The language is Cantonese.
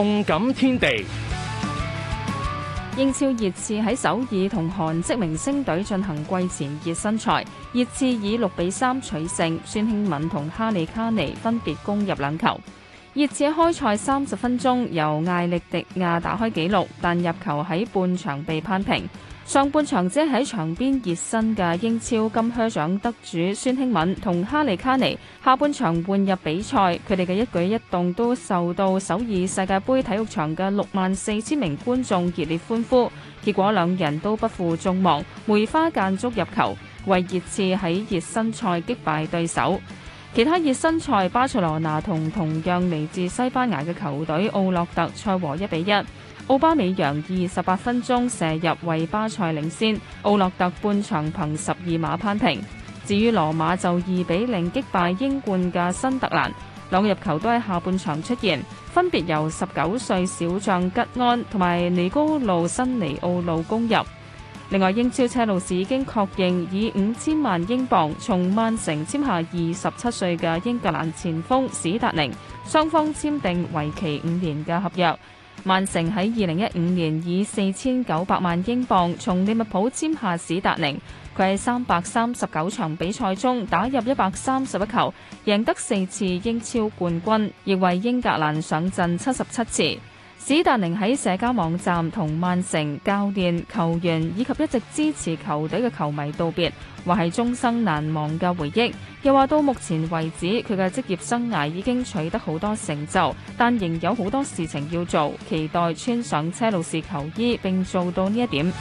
動感天地，英超熱刺喺首爾同韓職明星隊進行季前熱身賽，熱刺以六比三取勝，孫興慜同哈利卡尼分別攻入兩球。熱刺開賽三十分鐘由艾力迪亞打開紀錄，但入球喺半場被扳平。上半場只喺場邊熱身嘅英超金靴獎得主孫興慜同哈利卡尼，下半場換入比賽，佢哋嘅一舉一動都受到首爾世界杯體育場嘅六萬四千名觀眾熱烈歡呼。結果兩人都不負眾望，梅花間竹入球，為熱刺喺熱身賽擊敗對手。其他熱身賽，巴塞羅那同同樣嚟自西班牙嘅球隊奧洛特賽和一比一。奧巴美揚二十八分鐘射入為巴塞領先，奧洛特半場憑十二碼扳平。至於羅馬就二比零擊敗英冠嘅新特蘭，兩個入球都喺下半場出現，分別由十九歲小將吉安同埋尼高路辛尼奧路攻入。另外，英超車路士已經確認以五千萬英鎊從曼城簽下二十七歲嘅英格蘭前鋒史達寧，雙方簽訂為期五年嘅合約。曼城喺二零一五年以四千九百萬英鎊從利物浦簽下史達寧，佢喺三百三十九場比賽中打入一百三十一球，贏得四次英超冠軍，亦為英格蘭上陣七十七次。史達寧喺社交網站同曼城、教練、球員以及一直支持球隊嘅球迷道別，話係終生難忘嘅回憶。又話到目前為止，佢嘅職業生涯已經取得好多成就，但仍有好多事情要做，期待穿上車路士球衣並做到呢一點。